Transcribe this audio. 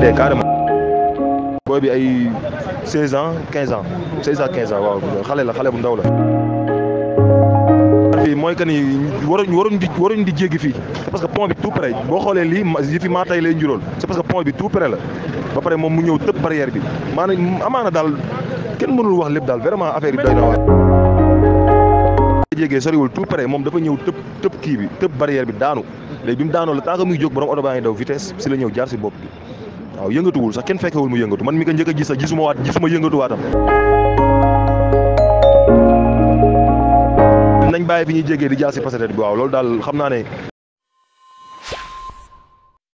tey carrément. booy bi ay 16 ans 15 ans 16 ans 15 ans waaw xale la xale bu ndaw la. fii mooy que ni waruñ waruñ di waruñ di jéggi fii parce que pont bi tout près boo xoolee lii yi fi maa tay lay juróol c'est parce que pont bi tout près la ba pare moom mu ñëw tëb barrière bi maanaam amaana daal kenn mënul wax lépp daal vraiment affaire bi doy na waar. jégee soriwul tout près moom dafa ñëw tëb tëb kii bi tëb barrière bi daanu léegi bi mu daanoo la tant muy jóg borom oto baa ngi daw vitesse si la ñëw jaar si bopp bi waaw yëngatuwul sax kenn fekkewul mu yëngatu man mi ko njëkk a gis sax gisuma waat gisuma yëngatuwaatam nañ bàyyi bi ñuy jégee di jaasi pasareet bi waaw loolu daal xam naa ne